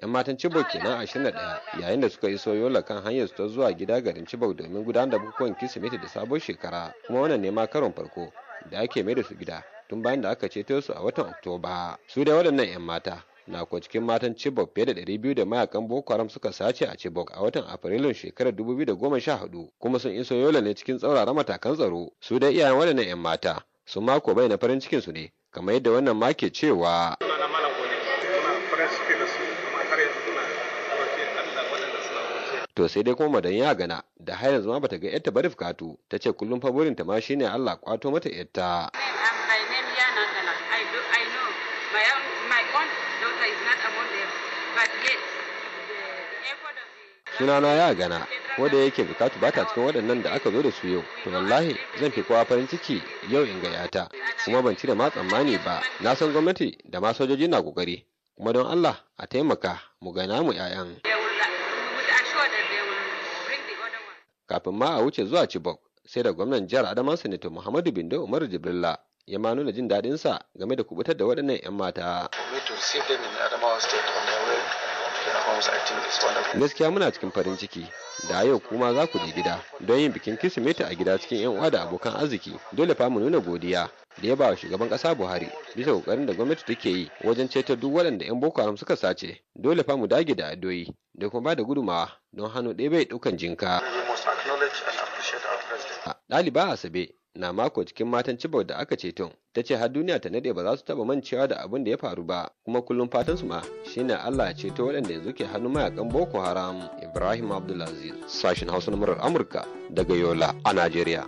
'Yan matan Chibok kenan ɗaya, yayin da suka iso Yola kan hanyar su ta zuwa gida garin Chibok domin gudanar da bukukuwan Kirsimeti da sabon shekara kuma wannan ne ma karon farko da ake mai da su gida tun bayan da aka ceto su a watan Oktoba. Su da waɗannan 'yan mata na kuwa cikin matan Chibok fiye da ɗari biyu da mayakan Boko Haram suka sace a Chibok a watan Afrilun shekarar 2014 kuma sun iso Yola ne cikin tsaurara matakan tsaro. Su da iyayen waɗannan 'yan mata sun mako bai na farin cikin su ne kamar yadda wannan ma ke cewa to sai dai kuma madan ya gana da har yanzu ma bata ga yarta ba rifkatu ta ce kullum fa burinta ma shine Allah kwato mata yarta sunana ya gana wanda yake bukatu ba ta cikin waɗannan da aka zo da su yau to wallahi zan fi kowa farin ciki yau in ga yata kuma ban cire ma tsammani ba na san gwamnati da ma sojoji na kokari kuma don Allah a taimaka mu gana mu 'ya'yan. kafin ma a wuce zuwa Chibok sai da gwamnan jihar Adamawa Sanito Muhammadu Bindo Umaru Jibrilla ya ma nuna jin daɗin sa game da kubutar da waɗannan 'yan mata. Gaskiya muna cikin farin ciki da yau kuma za ku je gida don yin bikin kirsimeti a gida cikin yan uwa da abokan arziki dole fa mu nuna godiya da ya ba wa shugaban kasa buhari bisa kokarin da gwamnati take yi wajen ceto duk waɗanda yan boko haram suka sace dole fa mu dage da addu'oi da kuma ba da gudumawa don hannu ɗaya bai ɗaukan jinka ɗaliba asabe na mako cikin matan cibo da aka ceto Ta ce har duniya ta nade ba za su taba mancewa da abin da ya faru ba, kuma kullum fatan su ma shine Allah ya ceto waɗanda yanzu ke hannun mayakan Boko Haram. Ibrahim Abdulaziz, sashin Hausa na murar Amurka daga Yola a Najeriya.